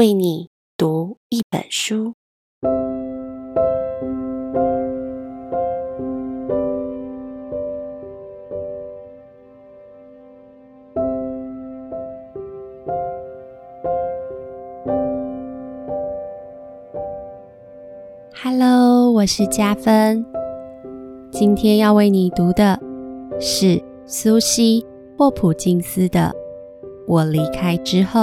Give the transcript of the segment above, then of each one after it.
為你讀一本書。Hello，我是家芬，今天要為你讀的是蘇西·霍普金斯的《我離開之後》。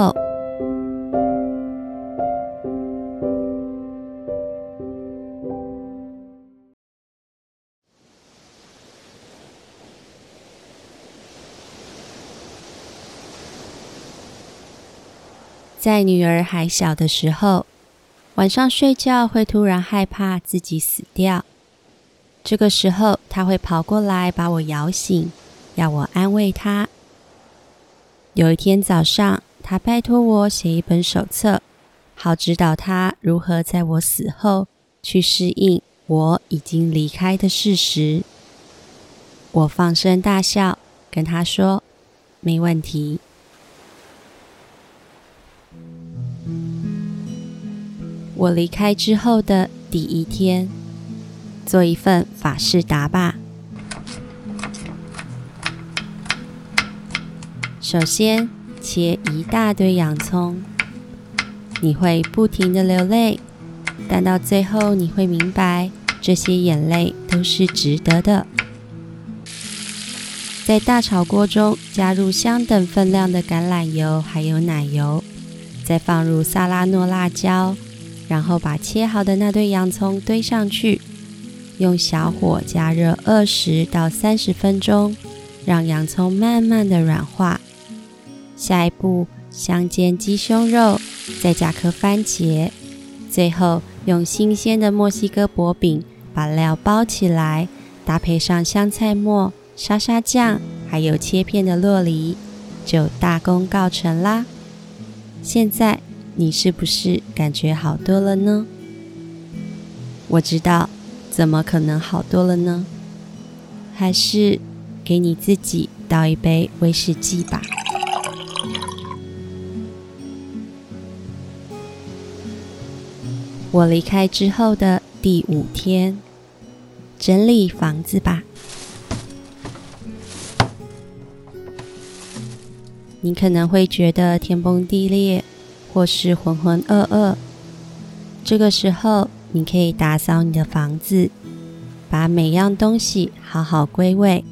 在女兒還小的時候，晚上睡覺會突然害怕自己死掉。這個時候，她會跑過來把我搖醒，要我安慰她。有一天早上，她拜托我寫一本手冊，好指導她如何在我死後去適應我已經離開的事實。我放聲大笑，跟她說：“沒問題。”我離開之後的第一天，做一份法式打巴。首先切一大堆洋蔥，你會不停的流淚，但到最後你會明白，這些眼淚都是值得的。在大炒鍋中加入相等份量的橄欖油還有奶油，再放入薩拉諾辣椒。然後把切好的那堆洋蔥堆上去，用小火加熱二十到三十分鐘，讓洋蔥慢慢的軟化。下一步，香煎雞胸肉，再加顆番茄，最後用新鮮的墨西哥薄餅把料包起來，搭配上香菜末、沙沙醬，還有切片的酪梨，就大功告成啦。現在。你是不是感覺好多了呢？我知道怎麼可能好多了呢？還是給你自己倒一杯威士忌吧。我離開之後的第五天，整理房子吧。你可能會覺得天崩地裂。或是渾渾噩噩，這個時候你可以打掃你的房子，把每樣東西好好歸位，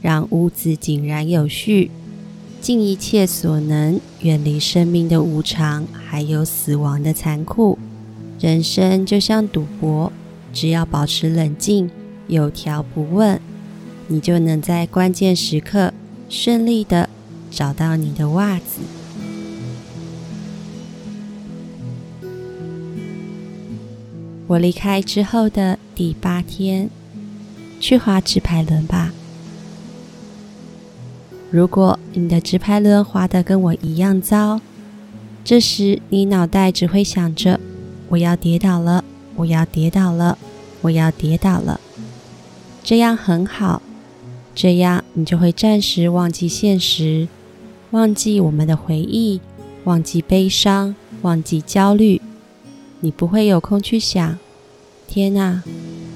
讓屋子井然有序。盡一切所能，遠離生命的無常，還有死亡的殘酷。人生就像賭博，只要保持冷靜，有條不紊，你就能在關鍵時刻順利的找到你的襪子。我離開之後的第八天，去滑直排輪吧。如果你的直排輪滑得跟我一樣糟，這時你腦袋只會想着：“我要跌倒了，我要跌倒了，我要跌倒了。”這樣很好，這樣你就會暫時忘記現實，忘記我們的回憶，忘記悲傷，忘記焦慮。你不會有空去想。天哪，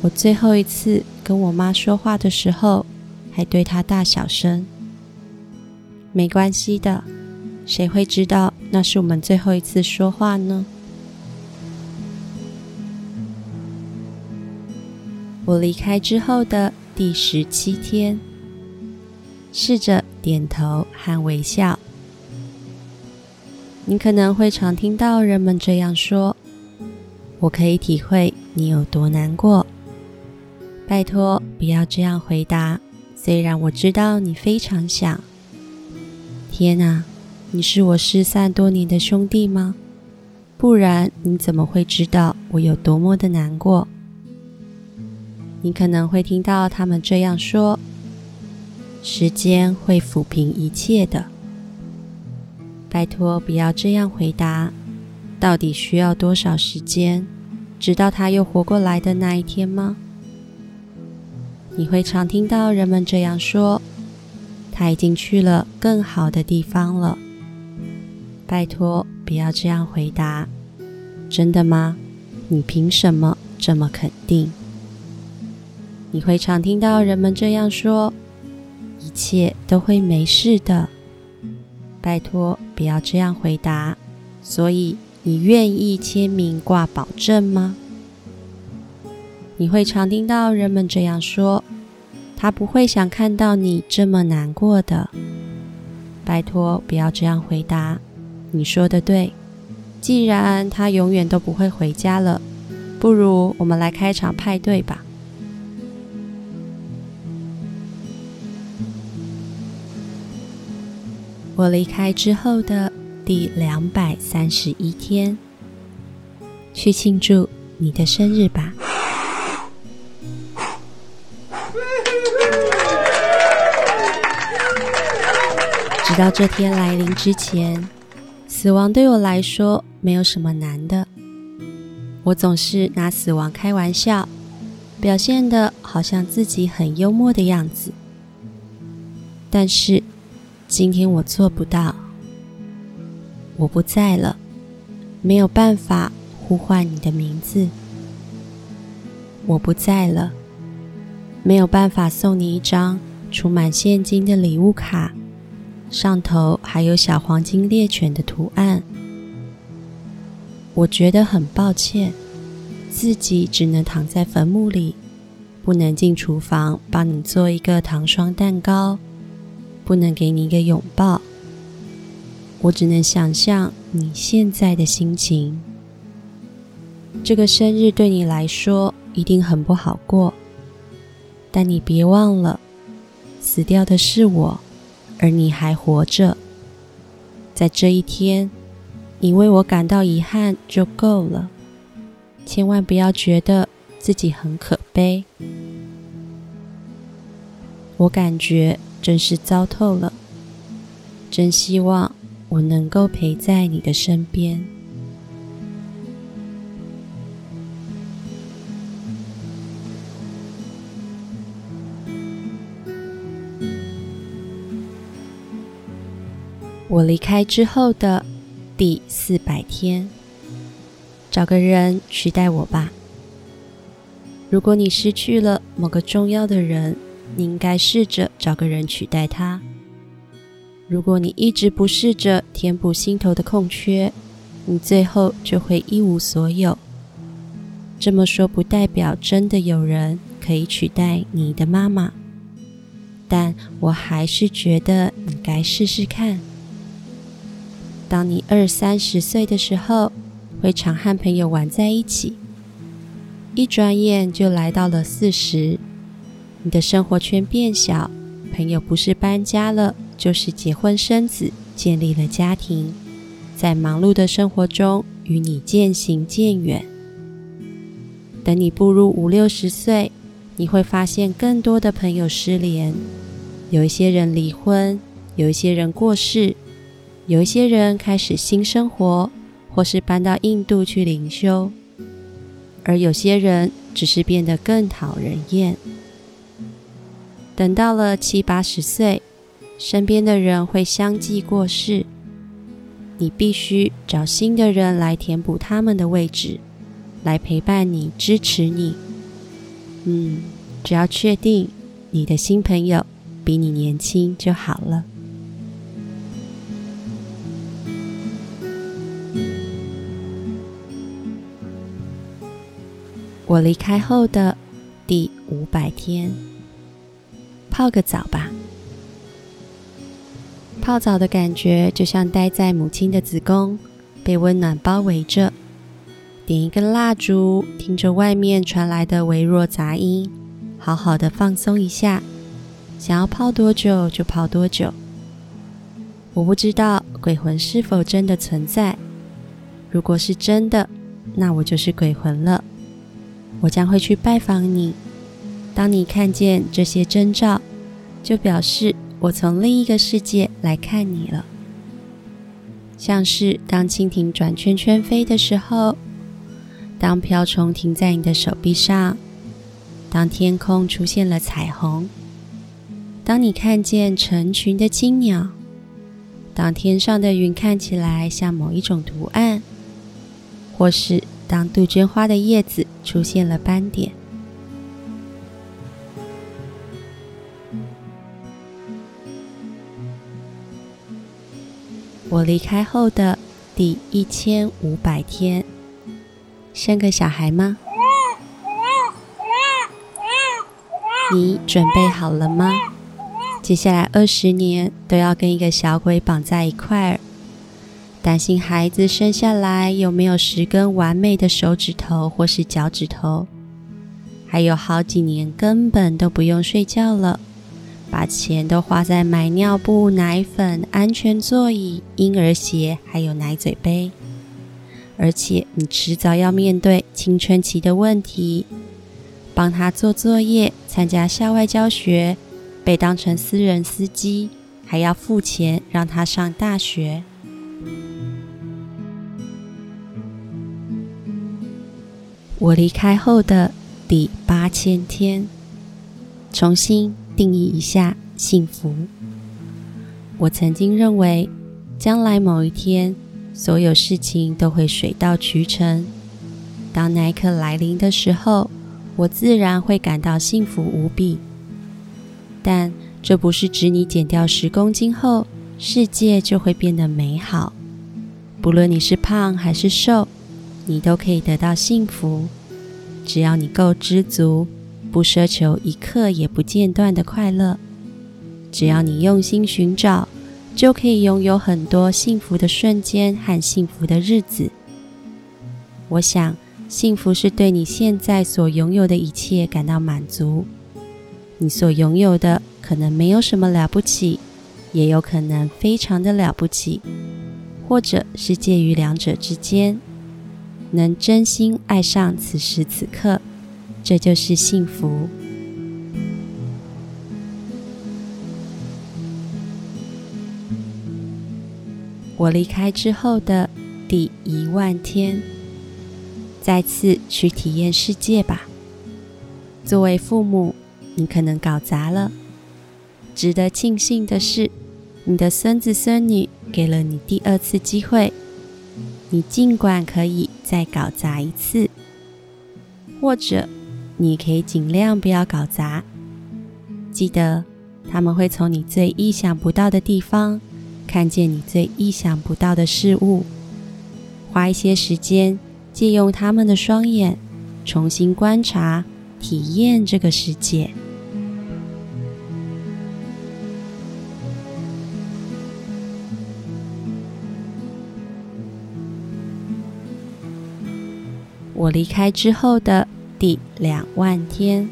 我最後一次跟我媽說話的時候，還對她大小聲。沒關係的，誰會知道那是我們最後一次說話呢？我離開之後的第十七天，試着點頭和微笑。你可能會常聽到人們這樣說。我可以體會你有多難過，拜托，不要這樣回答。雖然我知道你非常想。天哪，你是我失散多年的兄弟嗎？不然你怎麼會知道我有多麼的難過？你可能會聽到他們這樣說：時間會撫平一切的。拜托，不要這樣回答。到底需要多少時間，直到他又活過來的那一天嗎？你會常聽到人們這樣說：“他已經去了更好的地方了。”拜托，不要這樣回答。真的嗎？你憑什麼這麼肯定？你會常聽到人們這樣說：“一切都會沒事的。”拜托，不要這樣回答。所以……你願意簽名掛保證嗎？你會常聽到人們這樣說：“他不會想看到你這麼難過的。”拜托，不要這樣回答。你說的對，既然他永遠都不會回家了，不如我們來開場派對吧。我離開之後的。第兩百三十一天，去慶祝你的生日吧。 直到這天來臨之前，死亡對我來說沒有什麼難的。我總是拿死亡開玩笑，表現得好像自己很幽默的樣子。但是今天我做不到。我不在了，沒有辦法呼喚你的名字。我不在了，沒有辦法送你一張儲滿現金的禮物卡，上頭還有小黃金獵犬的圖案。我覺得很抱歉，自己只能躺在墳墓裡，不能進廚房幫你做一個糖霜蛋糕，不能給你一個擁抱。我只能想象你現在的心情。這個生日對你來說一定很不好過，但你別忘了，死掉的是我，而你還活着。在這一天，你為我感到遺憾就夠了，千萬不要覺得自己很可悲。我感覺真是糟透了，真希望。我能夠陪在你的身邊。我離開之後的第四百天，找個人取代我吧。如果你失去了某個重要的人，你應該試着找個人取代他。如果你一直不試着填補心頭的空缺，你最後就會一無所有。這麼說不代表真的有人可以取代你的媽媽，但我還是覺得你該試試看。當你二三十歲的時候，會常和朋友玩在一起，一轉眼就來到了四十，你的生活圈變小，朋友不是搬家了，就是結婚生子，建立了家庭，在忙碌的生活中與你漸行漸遠。等你步入五六十歲，你會發現更多的朋友失聯，有一些人離婚，有一些人過世，有一些人開始新生活，或是搬到印度去靈修，而有些人只是變得更討人厭。等到了七八十歲。身邊的人會相繼過世，你必須找新的人來填補他們的位置，來陪伴你、支持你。嗯，只要確定你的新朋友比你年輕就好了。我離開後的第五百天，泡個澡吧。泡澡的感覺就像待在母親的子宮，被溫暖包圍着。點一根蠟燭，聽着外面傳來的微弱雜音，好好的放鬆一下。想要泡多久就泡多久。我不知道鬼魂是否真的存在。如果是真的，那我就是鬼魂了。我將會去拜訪你。當你看見這些徵兆，就表示。我從另一個世界來看你了，像是當蜻蜓轉圈圈飛的時候，當瓢蟲停在你的手臂上，當天空出現了彩虹，當你看見成群的青鳥，當天上的雲看起來像某一種圖案，或是當杜鵑花的葉子出現了斑點。我離開後的第一千五百天，生個小孩嗎？你準備好了嗎？接下來二十年都要跟一個小鬼綁在一塊兒，擔心孩子生下來有沒有十根完美的手指頭或是腳趾頭，還有好幾年根本都不用睡覺了。把錢都花在買尿布、奶粉、安全座椅、嬰兒鞋，還有奶嘴杯。而且你遲早要面對青春期的問題，幫他做作業、參加校外教學，被當成私人司機，還要付錢讓他上大學。我離開後的第八千天，重新。定義一下幸福。我曾經認為，將來某一天，所有事情都會水到渠成。當那一刻來臨的時候，我自然會感到幸福無比。但這不是指你減掉十公斤後，世界就會變得美好。不論你是胖還是瘦，你都可以得到幸福，只要你夠知足。不奢求一刻也不間斷的快樂，只要你用心尋找，就可以擁有很多幸福的瞬間和幸福的日子。我想，幸福是對你現在所擁有的一切感到滿足。你所擁有的可能沒有什麼了不起，也有可能非常的了不起，或者是介於兩者之間。能真心愛上此時此刻。這就是幸福。我離開之後的第一萬天，再次去體驗世界吧。作為父母，你可能搞砸了。值得慶幸的是，你的孫子孫女給了你第二次機會。你儘管可以再搞砸一次，或者。你可以盡量不要搞砸。記得，他們會從你最意想不到的地方看見你最意想不到的事物。花一些時間，借用他們的雙眼，重新觀察、體驗這個世界。我離開之後的。第兩萬天，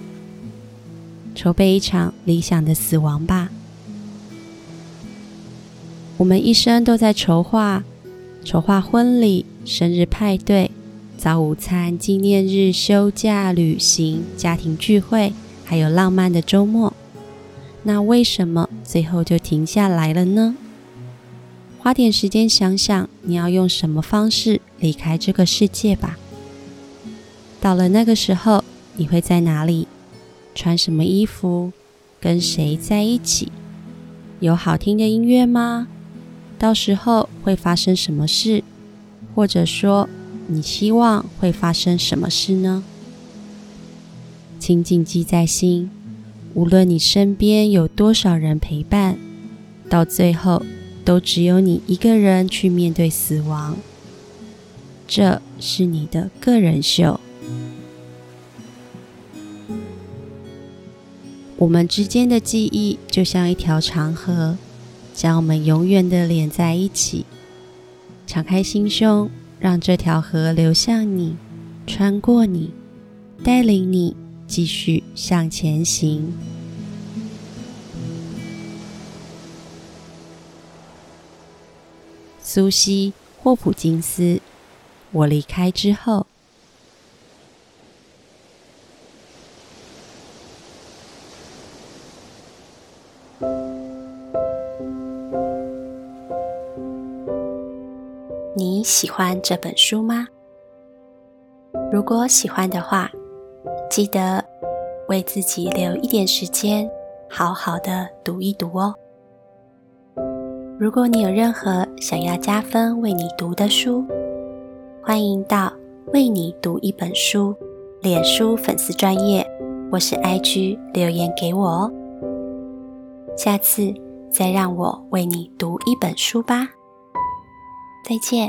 籌備一場理想的死亡吧。我們一生都在籌劃、籌劃婚禮、生日派對、早午餐、紀念日、休假、旅行、家庭聚會，還有浪漫的週末。那為什麼最後就停下來了呢？花點時間想想，你要用什麼方式離開這個世界吧。到了那個時候，你會在哪裡？穿什麼衣服？跟誰在一起？有好聽的音樂嗎？到時候會發生什麼事？或者說，你希望會發生什麼事呢？請謹記在心：無論你身邊有多少人陪伴，到最後，都只有你一個人去面對死亡。這是你的個人秀。我們之間的記憶就像一條長河，將我們永遠的連在一起。敞開心胸，讓這條河流向你，穿過你，帶領你繼續向前行。蘇西·霍普金斯，我離開之後。喜歡這本書嗎？如果喜歡的話，記得為自己留一點時間，好好的讀一讀哦。如果你有任何想要家芬為你讀的書，歡迎到為你讀一本書臉書粉絲專頁，或是 IG 留言給我哦。下次再讓我為你讀一本書吧。再見。